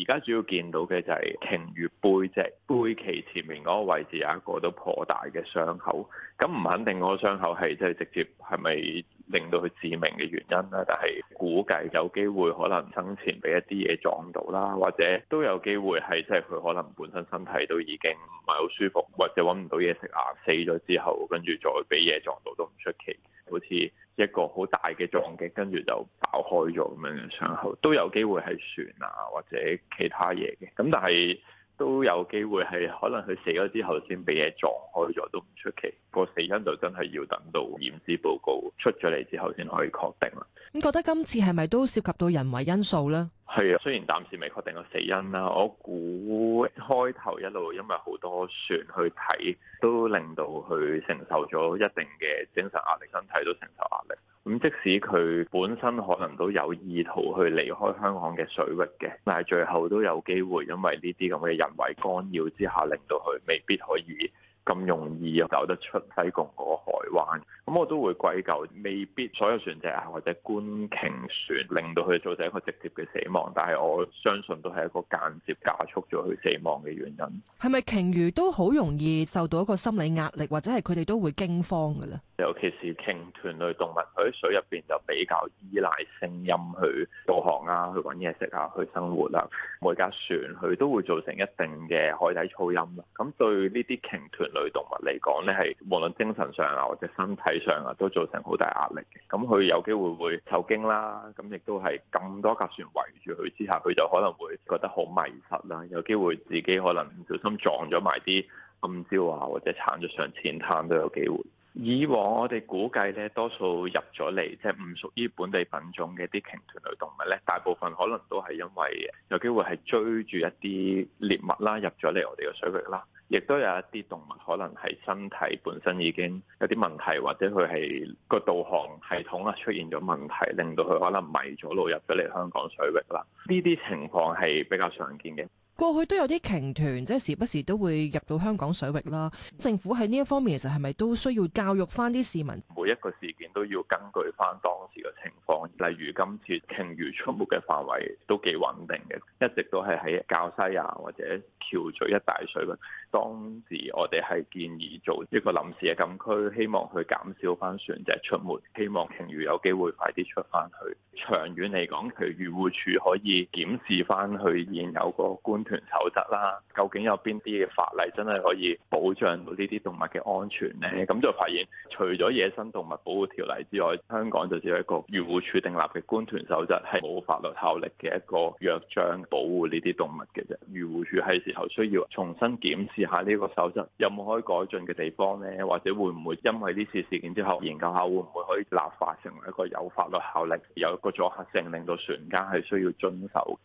而家主要見到嘅就係鯨魚背脊背鰭前面嗰個位置有一個都頗大嘅傷口，咁唔肯定嗰個傷口係即係直接係咪令到佢致命嘅原因啦，但係估計有機會可能生前俾一啲嘢撞到啦，或者都有機會係即係佢可能本身身體都已經唔係好舒服，或者揾唔到嘢食啊，死咗之後跟住再俾嘢撞到都唔出奇。好似一個好大嘅撞擊，跟住就爆開咗咁樣嘅傷口，都有機會係船啊或者其他嘢嘅。咁但係都有機會係可能佢死咗之後先俾嘢撞開咗，都唔出奇。個死因就真係要等到驗屍報告出咗嚟之後先可以確定啦。你覺得今次係咪都涉及到人為因素呢？係啊，雖然暫時未確定個死因啦，我估開頭一路因為好多船去睇，都令到佢承受咗一定嘅精神壓力，身體都承受壓力。咁即使佢本身可能都有意圖去離開香港嘅水域嘅，但係最後都有機會因為呢啲咁嘅人為干擾之下，令到佢未必可以咁容易啊走得出西貢個海。話咁，我都會歸咎未必所有船隻啊，或者觀鯨船令到佢造成一個直接嘅死亡，但係我相信都係一個間接加速咗佢死亡嘅原因。係咪鯨魚都好容易受到一個心理壓力，或者係佢哋都會驚慌㗎咧？是是尤其是鯨豚類動物，佢喺水入邊就比較依賴聲音去導航啊，去揾嘢食啊，去生活啊。每架船佢都會造成一定嘅海底噪音啦。咁對呢啲鯨豚類動物嚟講咧，係無論精神上啊。嘅身體上啊，都造成好大壓力嘅。咁佢有機會會受驚啦，咁亦都係咁多架船圍住佢之下，佢就可能會覺得好迷失啦。有機會自己可能唔小心撞咗埋啲暗礁啊，或者鏟咗上淺灘都有機會。以往我哋估計咧，多數入咗嚟即係唔屬於本地品種嘅啲鯨豚類動物咧，大部分可能都係因為有機會係追住一啲獵物啦，入咗嚟我哋嘅水域啦。亦都有一啲動物可能係身體本身已經有啲問題，或者佢係個導航系統啊出現咗問題，令到佢可能迷咗路入咗嚟香港水域啦。呢啲情況係比較常見嘅。過去都有啲鯨豚，即係時不時都會入到香港水域啦。政府喺呢一方面，其實係咪都需要教育返啲市民？每一個事件都要根據翻當時嘅情況，例如今次鯨魚出沒嘅範圍都幾穩定嘅，一直都係喺滘西洲或者橋咀一帶水域。當時我哋係建議做一個臨時嘅禁區，希望去減少翻船隻出沒，希望鯨魚有機會快啲出翻去。長遠嚟講，譬如漁護署可以檢視翻佢現有個觀豚守則啦，究竟有邊啲嘅法例真係可以保障到呢啲動物嘅安全呢？咁就發現除咗野生動物保護條例之外，香港就只有一個漁護署訂立嘅官團守則，係冇法律效力嘅一個約章保護呢啲動物嘅啫。漁護署係時候需要重新檢視下呢個守則有冇可以改進嘅地方呢？或者會唔會因為呢次事件之後，研究下會唔會可以立法成為一個有法律效力、有一個阻嚇性，令到船家係需要遵守。